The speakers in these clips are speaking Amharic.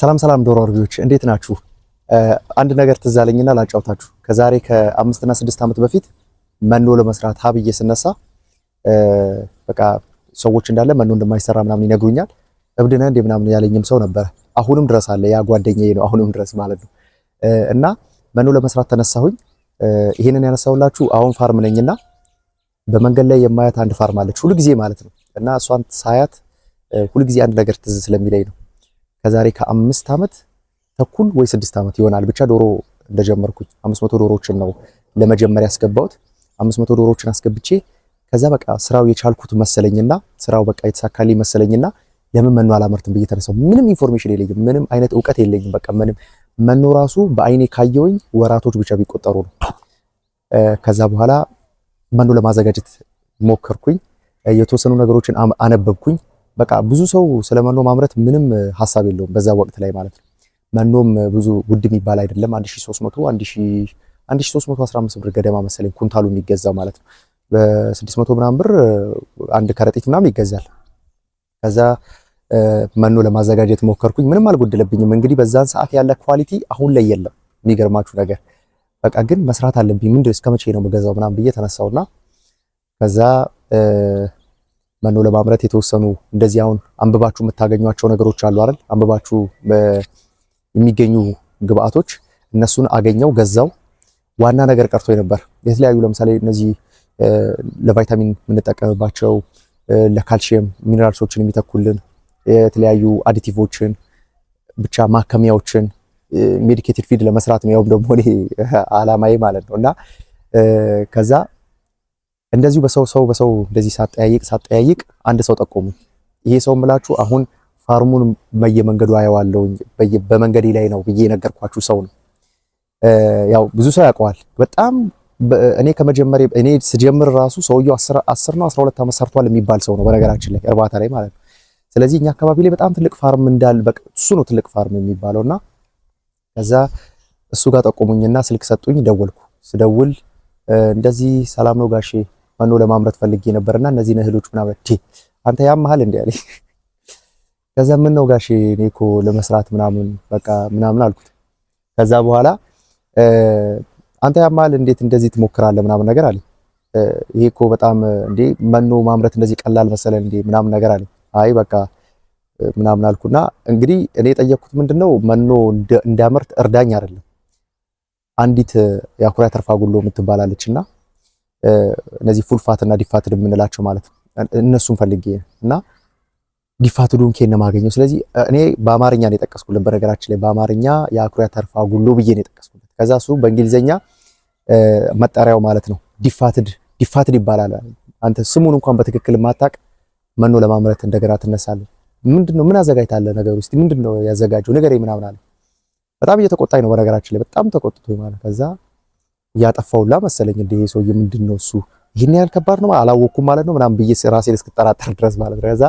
ሰላም ሰላም ዶሮ አርቢዎች እንዴት ናችሁ? አንድ ነገር ትዝ አለኝና ላጫውታችሁ። ከዛሬ እና ስድስት ዓመት በፊት መኖ ለመስራት ሀብዬ ስነሳ በቃ ሰዎች እንዳለ መኖ እንደማይሰራ ምናምን ይነግሩኛል። እብድነ እንደ ምናምን ያለኝም ሰው ነበረ። አሁንም ድረስ አለ ያ ጓደኛዬ ነው፣ አሁንም ድረስ ማለት ነው። እና መኖ ለመስራት ተነሳሁኝ። ይሄንን ያነሳሁላችሁ አሁን ፋርም ነኝና በመንገድ ላይ የማያት አንድ ፋርም አለች ሁልጊዜ ማለት ነው። እና እሷን ሳያት ሁልጊዜ አንድ ነገር ትዝ ስለሚለኝ ነው ከዛሬ ከአምስት ዓመት ተኩል ወይ ስድስት ዓመት ይሆናል ብቻ ዶሮ እንደጀመርኩኝ አምስት መቶ ዶሮዎችን ነው ለመጀመሪያ ያስገባሁት። አምስት መቶ ዶሮዎችን አስገብቼ ከዛ በቃ ስራው የቻልኩት መሰለኝና ስራው በቃ የተሳካልኝ መሰለኝና ለምን መኖ አላመርትም ብዬ ተነሳው። ምንም ኢንፎርሜሽን የለኝም፣ ምንም አይነት እውቀት የለኝም። በቃ ምንም መኖ ራሱ በአይኔ ካየውኝ ወራቶች ብቻ ቢቆጠሩ ነው። ከዛ በኋላ መኖ ለማዘጋጀት ሞከርኩኝ። የተወሰኑ ነገሮችን አነበብኩኝ። በቃ ብዙ ሰው ስለ መኖ ማምረት ምንም ሀሳብ የለውም በዛ ወቅት ላይ ማለት ነው። መኖም ብዙ ውድ የሚባል አይደለም። 1300 1315 ብር ገደማ መሰለኝ ኩንታሉ የሚገዛው ማለት ነው። በ600 ምናምን ብር አንድ ከረጢት ምናምን ይገዛል። ከዛ መኖ ለማዘጋጀት ሞከርኩኝ። ምንም አልጎደለብኝም። እንግዲህ በዛን ሰዓት ያለ ኳሊቲ አሁን ላይ የለም። የሚገርማችሁ ነገር በቃ ግን መስራት አለብኝ። ምንድን እስከ መቼ ነው የምገዛው ምናምን ብዬ ተነሳውና ከዛ መኖ ለማምረት የተወሰኑ እንደዚህ አሁን አንብባችሁ የምታገኟቸው ነገሮች አሉ አይደል? አንብባችሁ የሚገኙ ግብአቶች እነሱን አገኘው ገዛው። ዋና ነገር ቀርቶ ነበር። የተለያዩ ለምሳሌ እነዚህ ለቫይታሚን የምንጠቀምባቸው ለካልሽየም ሚኔራልሶችን የሚተኩልን የተለያዩ አዲቲቮችን ብቻ ማከሚያዎችን ሜዲኬትድ ፊድ ለመስራት ነው ያውም ደግሞ እኔ አላማዬ ማለት ነው እና ከዛ እንደዚሁ በሰው ሰው በሰው እንደዚህ ሳጠያይቅ ሳጠያይቅ አንድ ሰው ጠቆሙ። ይሄ ሰው ምላችሁ አሁን ፋርሙን በየመንገዱ አየዋለሁ በመንገድ ላይ ነው ብዬ የነገርኳችሁ ሰው ነው። ያው ብዙ ሰው ያውቀዋል። በጣም እኔ ከመጀመሪያ እኔ ስጀምር ራሱ ሰውየው 10 ነው 12 ዓመት ሰርቷል የሚባል ሰው ነው በነገራችን ላይ እርባታ ላይ ማለት ነው። ስለዚህ እኛ አካባቢ ላይ በጣም ትልቅ ፋርም እንዳል እሱ ነው ትልቅ ፋርም የሚባለውና ከዛ እሱ ጋር ጠቆሙኝና ስልክ ሰጡኝ። ደወልኩ። ስደውል እንደዚህ ሰላም ነው ጋሼ መኖ ለማምረት ፈልጌ ነበርና እነዚህን እህሎች ምናምን አንተ ያመሃል እንዴ አለኝ። ከዛ ምን ነው ጋሽ እኔ እኮ ለመስራት ምናምን በቃ ምናምን አልኩት። ከዛ በኋላ አንተ ያመሃል እንዴት እንደዚህ ትሞክራለህ ምናምን ነገር አለኝ። ይሄ እኮ በጣም እንዴ መኖ ማምረት እንደዚህ ቀላል መሰለ እንዴ ምናምን ነገር አለኝ። አይ በቃ ምናምን አልኩና እንግዲህ እኔ የጠየቅኩት ምንድነው መኖ እንዳመርት እርዳኝ አይደለም። አንዲት የአኩሪ አተር ፋጉሎ የምትባላለችና እነዚህ ፉልፋት እና ዲፋትድ የምንላቸው ማለት ነው። እነሱን ፈልጌ እና ዲፋትዱን ከየት ማገኘው። ስለዚህ እኔ በአማርኛ ነው የጠቀስኩልን። በነገራችን ላይ በአማርኛ የአኩሪ አተር ፋጉሎ ብዬ ነው የጠቀስኩልን። ከዛ እሱ በእንግሊዘኛ መጠሪያው ማለት ነው ዲፋትድ ዲፋትድ ይባላል። አንተ ስሙን እንኳን በትክክል ማታቅ መኖ ለማምረት እንደገና ትነሳለህ። ምንድነው ምን አዘጋጅታለህ? ነገር ውስጥ ምንድነው ያዘጋጀው ነገር ምናምን አለ። በጣም እየተቆጣኝ ነው በነገራችን ላይ በጣም ተቆጥቶ ማለት ከዛ እያጠፋውላ መሰለኝ እንደ ይሄ ሰውዬ ምንድን ነው እሱ ይህን ያህል ከባድ ነው አላወኩም ማለት ነው ምናምን ብዬ ራሴን እስክጠራጠር ድረስ ማለት ነው። ከዛ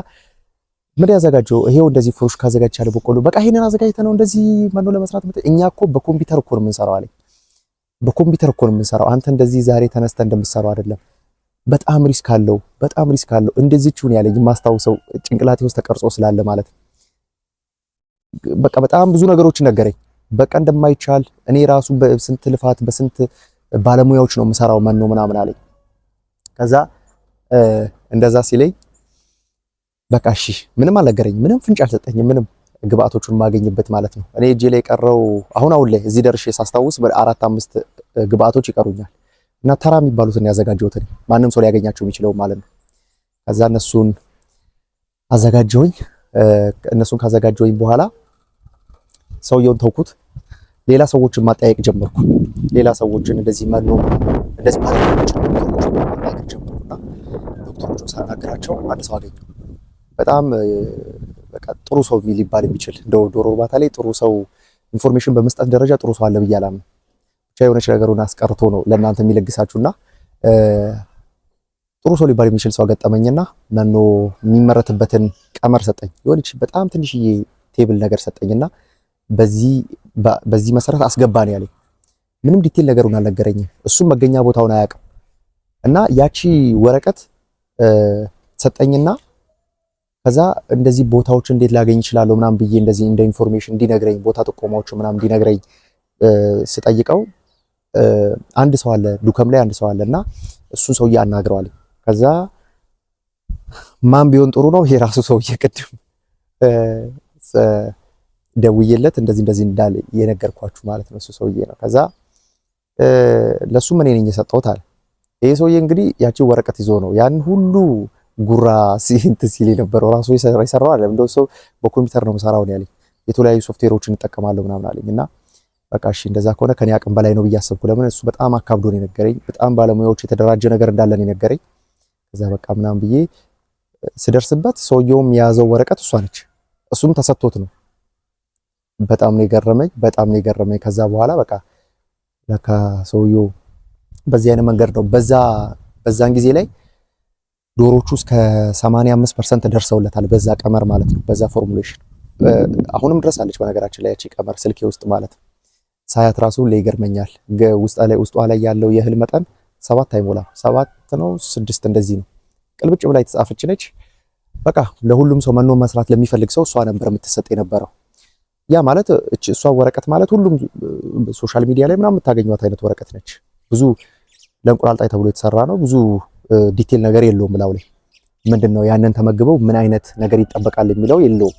ምን ያዘጋጀው ይሄው እንደዚህ ፍሩሽ ካዘጋጅ ካዘጋጅቻለሁ በቆሎ በቃ ይሄንን አዘጋጅተ ነው እንደዚህ መኖ ለመስራት እኛ እኮ በኮምፒውተር እኮ ነው የምንሰራው አለኝ። በኮምፒውተር እኮ ነው የምንሰራው አንተ እንደዚህ ዛሬ ተነስተ እንደምትሰራው አይደለም። በጣም ሪስክ አለው፣ በጣም ሪስክ አለው። እንደዚህች ሁን ያለኝ የማስታውሰው ጭንቅላቴ ውስጥ ተቀርጾ ስላለ ማለት ነው። በቃ በጣም ብዙ ነገሮች ነገረኝ። በቃ እንደማይቻል እኔ ራሱ በስንት ልፋት በስንት ባለሙያዎች ነው የምሰራው መኖ ምናምን አለኝ። ከዛ እንደዛ ሲለኝ በቃ እሺ፣ ምንም አልነገረኝ ምንም ፍንጭ አልሰጠኝ ምንም ግብአቶቹን ማገኝበት ማለት ነው። እኔ እጄ ላይ የቀረው አሁን አሁን ላይ እዚህ ደርሼ ሳስታውስ አራት አምስት ግብአቶች ይቀሩኛል እና ተራ የሚባሉትን ያዘጋጀሁት ማንም ሰው ሊያገኛቸው የሚችለው ማለት ነው። ከዛ እነሱን አዘጋጀሁኝ። እነሱን ካዘጋጀሁኝ በኋላ ሰውየውን ተውኩት። ሌላ ሰዎችን ማጠያየቅ ጀመርኩ። ሌላ ሰዎችን እንደዚህ መኖ እንደዚህ ፓርቲዎች ዶክተሮች ማጠያየቅ ጀመርኩና ዶክተሮቹን ሳናገራቸው አንድ ሰው አገኘ። በጣም በቃ ጥሩ ሰው ሊባል የሚችል ዶሮ እርባታ ላይ ጥሩ ሰው ኢንፎርሜሽን በመስጠት ደረጃ ጥሩ ሰው አለ ብዬ አላምንም። ብቻ የሆነች ነገሩን አስቀርቶ ነው ለእናንተ የሚለግሳችሁና ጥሩ ሰው ሊባል የሚችል ሰው ገጠመኝና መኖ የሚመረትበትን ቀመር ሰጠኝ። የሆነች በጣም ትንሽዬ ቴብል ነገር ሰጠኝና በዚህ መሰረት አስገባን ያለ ያለኝ። ምንም ዲቴል ነገሩን አልነገረኝም። እሱም መገኛ ቦታውን አያውቅም። እና ያቺ ወረቀት ሰጠኝና ከዛ እንደዚህ ቦታዎች እንዴት ላገኝ እችላለሁ ምናምን ብዬ እንደዚህ እንደ ኢንፎርሜሽን እንዲነግረኝ ቦታ ጥቆማዎቹ ምናምን እንዲነግረኝ ስጠይቀው አንድ ሰው አለ ዱከም ላይ አንድ ሰው አለ እና እሱን ሰውዬ አናግረዋል። ከዛ ማን ቢሆን ጥሩ ነው ይሄ ራሱ ሰውዬ ቅድም ደውዬለት እንደዚህ እንደዚህ እንዳለ የነገርኳችሁ ማለት ነው እሱ ሰውዬ ነው። ከዛ ምን እኔ ነኝ የሰጠሁት አለ። ይሄ ሰውዬ እንግዲህ ያቺ ወረቀት ይዞ ነው ያን ሁሉ ጉራ ሲንት ሲል የነበረው ራሱ የሰራው አለ። እንደው ሰው በኮምፒውተር ነው የምሰራው ያለኝ። የተለያዩ ሶፍትዌሮችን እጠቀማለሁ ምናምን አለኝ እና በቃ እሺ እንደዛ ከሆነ ከኔ አቅም በላይ ነው ብዬ አሰብኩ። ለምን እሱ በጣም አካብዶ ነው የነገረኝ። በጣም ባለሙያዎች የተደራጀ ነገር እንዳለ ነው የነገረኝ። ከዛ በቃ ምናምን ብዬ ስደርስበት ሰውየውም የያዘው ወረቀት እሷ ነች። እሱም ተሰጥቶት ነው በጣም ነው የገረመኝ፣ በጣም ነው የገረመኝ። ከዛ በኋላ በቃ ለካ ሰውየው በዚህ አይነት መንገድ ነው። በዛ በዛን ጊዜ ላይ ዶሮቹ እስከ 85% ደርሰውለታል፣ በዛ ቀመር ማለት ነው፣ በዛ ፎርሙሌሽን። አሁንም ድረስ አለች በነገራችን ላይ ያቺ ቀመር ስልኬ ውስጥ ማለት ነው። ሳያት ራሱ ይገርመኛል። ውስጧ ላይ ውስጧ ላይ ያለው የእህል መጠን ሰባት አይሞላም፣ ሰባት ነው ስድስት እንደዚህ ነው። ቅልብጭ ብላ የተጻፈች ነች። በቃ ለሁሉም ሰው መኖ መስራት ለሚፈልግ ሰው እሷ ነበር የምትሰጥ የነበረው። ያ ማለት እሷ ወረቀት ማለት ሁሉም ሶሻል ሚዲያ ላይ ምናምን የምታገኟት አይነት ወረቀት ነች። ብዙ ለእንቁላልጣይ ተብሎ የተሰራ ነው። ብዙ ዲቴል ነገር የለውም። ብላው ላይ ምንድን ነው ያንን ተመግበው ምን አይነት ነገር ይጠበቃል የሚለው የለውም።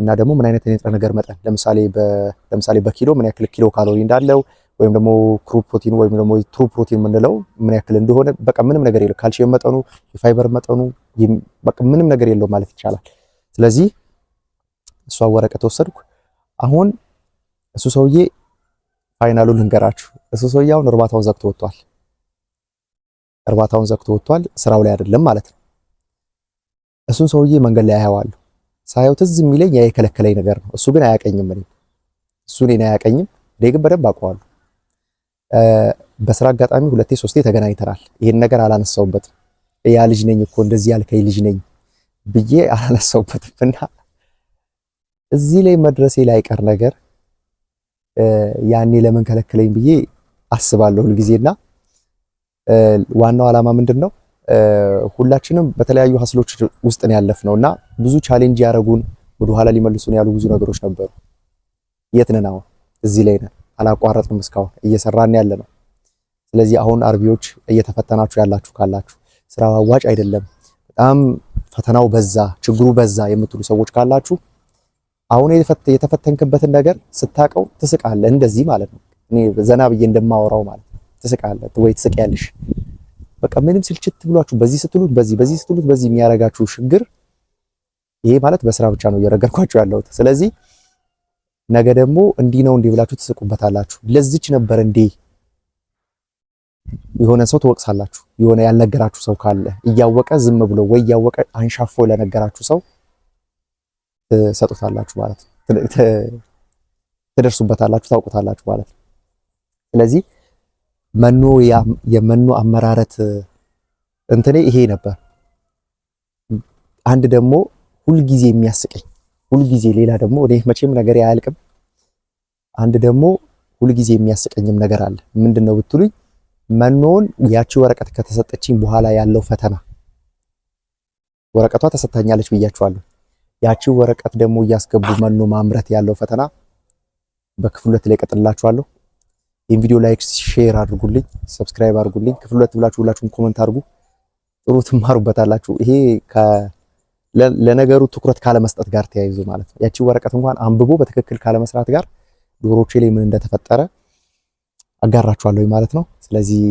እና ደግሞ ምን አይነት የንጥረ ነገር መጠን ለምሳሌ በኪሎ ምን ያክል ኪሎ ካሎሪ እንዳለው ወይም ደግሞ ክሩ ፕሮቲን ወይም ደግሞ ትሩ ፕሮቲን የምንለው ምን ያክል እንደሆነ በቃ ምንም ነገር የለው። ካልሲየም መጠኑ፣ የፋይበር መጠኑ በቃ ምንም ነገር የለው ማለት ይቻላል። ስለዚህ እሷ ወረቀት ወሰድኩ አሁን እሱ ሰውዬ ፋይናሉን ልንገራችሁ። እሱ ሰውዬ አሁን እርባታውን ዘግቶ ወጥቷል። እርባታውን ዘግቶ ወጥቷል። ስራው ላይ አይደለም ማለት ነው። እሱን ሰውዬ መንገድ ላይ አያዋለሁ። ሳየው ትዝ የሚለኝ ያ የከለከለኝ ነገር ነው። እሱ ግን አያቀኝም። እኔ እሱ እኔን አያቀኝም። እኔ ግን በደንብ አውቀዋለሁ። በስራ አጋጣሚ ሁለቴ ሶስቴ ተገናኝተናል። ይሄን ነገር አላነሳውበትም። ያ ልጅ ነኝ እኮ እንደዚህ ያልከኝ ልጅ ነኝ ብዬ አላነሳውበትም እና እዚህ ላይ መድረሴ ላይቀር ነገር ያኔ ለምን ከለከለኝ ብዬ አስባለሁ ሁልጊዜና ዋናው ዓላማ ምንድን ነው? ሁላችንም በተለያዩ ሀስሎች ውስጥ ነው ያለፍነው እና ብዙ ቻሌንጅ ያደረጉን ወደ ኋላ ሊመልሱን ያሉ ብዙ ነገሮች ነበሩ። የት ነን አሁን? እዚህ ላይ ነን። አላቋረጥንም። እስካሁን እየሰራን ያለ ነው። ስለዚህ አሁን አርቢዎች እየተፈተናችሁ ያላችሁ ካላችሁ ስራው አዋጭ አይደለም፣ በጣም ፈተናው በዛ፣ ችግሩ በዛ የምትሉ ሰዎች ካላችሁ አሁን የተፈተንክበትን ነገር ስታቀው ትስቃለህ። እንደዚህ ማለት ነው። እኔ ዘና ብዬ እንደማወራው ማለት ነው። ትስቃለህ ወይ ትስቂያለሽ። በቃ ምንም ስልችት ብሏችሁ በዚህ ስትሉት በዚህ በዚህ ስትሉት በዚህ የሚያረጋችሁ ችግር ይሄ ማለት በስራ ብቻ ነው እየረገርኳችሁ ያለሁት። ስለዚህ ነገ ደግሞ እንዲህ ነው እንዲህ ብላችሁ ትስቁበታላችሁ። ለዚች ነበር እንዴ የሆነ ሰው ትወቅሳላችሁ። የሆነ ያልነገራችሁ ሰው ካለ እያወቀ ዝም ብሎ ወይ እያወቀ አንሻፎ ለነገራችሁ ሰው ትሰጡታላችሁ ማለት ነው። ትደርሱበታላችሁ፣ ታውቁታላችሁ ማለት ነው። ስለዚህ መኖ የመኖ አመራረት እንትኔ ይሄ ነበር። አንድ ደግሞ ሁልጊዜ የሚያስቀኝ ሁልጊዜ ሌላ ደግሞ እኔ መቼም ነገር አያልቅም። አንድ ደግሞ ሁልጊዜ የሚያስቀኝም ነገር አለ። ምንድነው ብትሉኝ መኖን ያቺ ወረቀት ከተሰጠችኝ በኋላ ያለው ፈተና ወረቀቷ ተሰጥታኛለች ብያችኋለሁ። ያቺ ወረቀት ደግሞ እያስገቡ መኖ ማምረት ያለው ፈተና በክፍል ሁለት ላይ ቀጥላችኋለሁ። ይህን ቪዲዮ ላይክ፣ ሼር አድርጉልኝ፣ ሰብስክራይብ አድርጉልኝ። ክፍል ሁለት ብላችሁ ሁላችሁም ኮመንት አድርጉ። ጥሩ ትማሩበታላችሁ። ይሄ ለነገሩ ትኩረት ካለመስጠት ጋር ተያይዞ ማለት ነው። ያቺ ወረቀት እንኳን አንብቦ በትክክል ካለመስራት ጋር ዶሮቼ ላይ ምን እንደተፈጠረ አጋራችኋለሁ ማለት ነው። ስለዚህ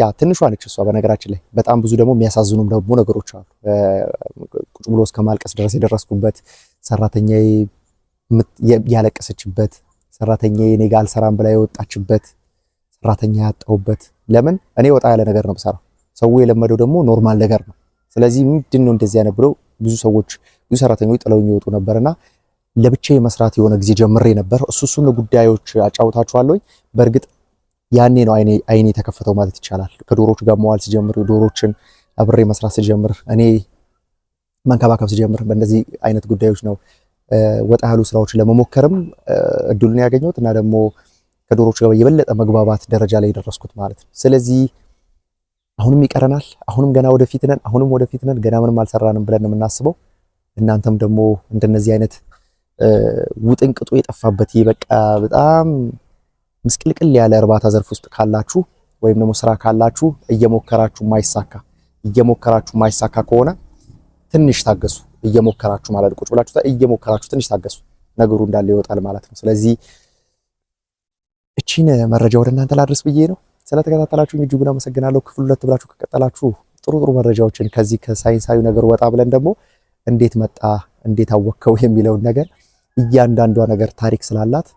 ያ ትንሿ ነች እሷ። በነገራችን ላይ በጣም ብዙ ደግሞ የሚያሳዝኑም ደግሞ ነገሮች አሉ። ቁጭ ብሎ እስከ ማልቀስ ድረስ የደረስኩበት ሰራተኛዬ ያለቀሰችበት፣ ሰራተኛዬ እኔ ጋር አልሰራም ብላ የወጣችበት፣ ሰራተኛ ያጣሁበት። ለምን እኔ ወጣ ያለ ነገር ነው የምሰራው። ሰው የለመደው ደግሞ ኖርማል ነገር ነው። ስለዚህ ምንድን ነው እንደዚህ አይነት ብለው ብዙ ሰዎች ብዙ ሰራተኞች ጥለውኝ ይወጡ ነበርና ለብቻዬ መስራት የሆነ ጊዜ ጀምሬ ነበር። እሱ እሱን ጉዳዮች አጫውታችኋለሁ። በእርግጥ ያኔ ነው አይኔ የተከፈተው ማለት ይቻላል። ከዶሮች ጋር መዋል ሲጀምር፣ ዶሮችን አብሬ መስራት ሲጀምር፣ እኔ መንከባከብ ሲጀምር፣ በእንደዚህ አይነት ጉዳዮች ነው ወጣ ያሉ ስራዎችን ለመሞከርም እድሉን ያገኘሁት እና ደግሞ ከዶሮች ጋር የበለጠ መግባባት ደረጃ ላይ የደረስኩት ማለት ነው። ስለዚህ አሁንም ይቀረናል። አሁንም ገና ወደፊት ነን። አሁንም ወደፊት ነን። ገና ምንም አልሰራንም ብለን የምናስበው። እናንተም ደግሞ እንደነዚህ አይነት ውጥንቅጡ የጠፋበት በቃ በጣም ምስቅልቅል ያለ እርባታ ዘርፍ ውስጥ ካላችሁ ወይም ደግሞ ስራ ካላችሁ እየሞከራችሁ ማይሳካ እየሞከራችሁ ማይሳካ ከሆነ ትንሽ ታገሱ። እየሞከራችሁ ማለት ቁጭ ብላችሁ እየሞከራችሁ ትንሽ ታገሱ። ነገሩ እንዳለ ይወጣል ማለት ነው። ስለዚህ እቺን መረጃ ወደ እናንተ ላድርስ ብዬ ነው። ስለተከታተላችሁ እጅጉን አመሰግናለሁ። ክፍል ሁለት ብላችሁ ከቀጠላችሁ ጥሩ ጥሩ መረጃዎችን ከዚህ ከሳይንሳዊ ነገር ወጣ ብለን ደግሞ እንዴት መጣ እንዴት አወከው የሚለውን ነገር እያንዳንዷ ነገር ታሪክ ስላላት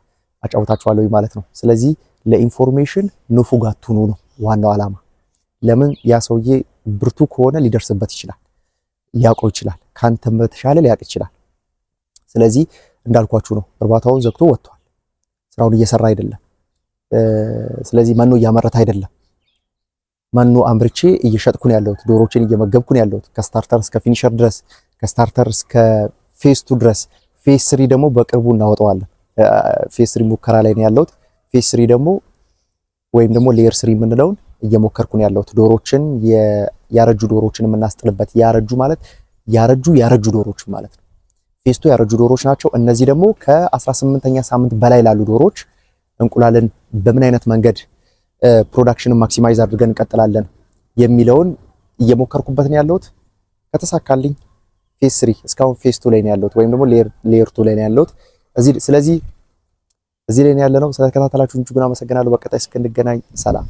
አጫውታችኋለሁ ማለት ነው። ስለዚህ ለኢንፎርሜሽን ንፉግ አትሁኑ ነው ዋናው ዓላማ። ለምን ያ ሰውዬ ብርቱ ከሆነ ሊደርስበት ይችላል፣ ሊያውቀው ይችላል፣ ከአንተ በተሻለ ሊያውቅ ይችላል። ስለዚህ እንዳልኳችሁ ነው፣ እርባታውን ዘግቶ ወጥቷል። ስራውን እየሰራ አይደለም። ስለዚህ መኖ እያመረተ አይደለም። መኖ አምርቼ እየሸጥኩ ነው ያለሁት፣ ዶሮችን እየመገብኩ ነው ያለሁት፣ ከስታርተር እስከ ፊኒሸር ድረስ፣ ከስታርተር እስከ ፌስ ቱ ድረስ። ፌስ ስሪ ደግሞ በቅርቡ እናወጣዋለን። ፌስ ስሪ ሙከራ ላይ ነው ያለሁት። ፌስ ስሪ ደግሞ ወይም ደግሞ ሌየር ስሪ የምንለውን እየሞከርኩ ነው ያለሁት። ዶሮችን ያረጁ ዶሮችን የምናስጥልበት ያረጁ ማለት ያረጁ ያረጁ ዶሮች ማለት ነው። ፌስቱ ያረጁ ዶሮች ናቸው። እነዚህ ደግሞ ከ18ኛ ሳምንት በላይ ላሉ ዶሮች እንቁላልን በምን አይነት መንገድ ፕሮዳክሽንን ማክሲማይዝ አድርገን እንቀጥላለን የሚለውን እየሞከርኩበት ነው ያለሁት። ከተሳካልኝ ፌስ ስሪ እስካሁን ፌስ ላይ ነው ያለሁት፣ ወይም ደግሞ ሌየር ቱ ላይ ነው ያለሁት። ስለዚህ እዚህ ላይ ያለነው። ስለተከታተላችሁ እጅጉን አመሰግናለሁ። በቀጣይ እስክንገናኝ ሰላም።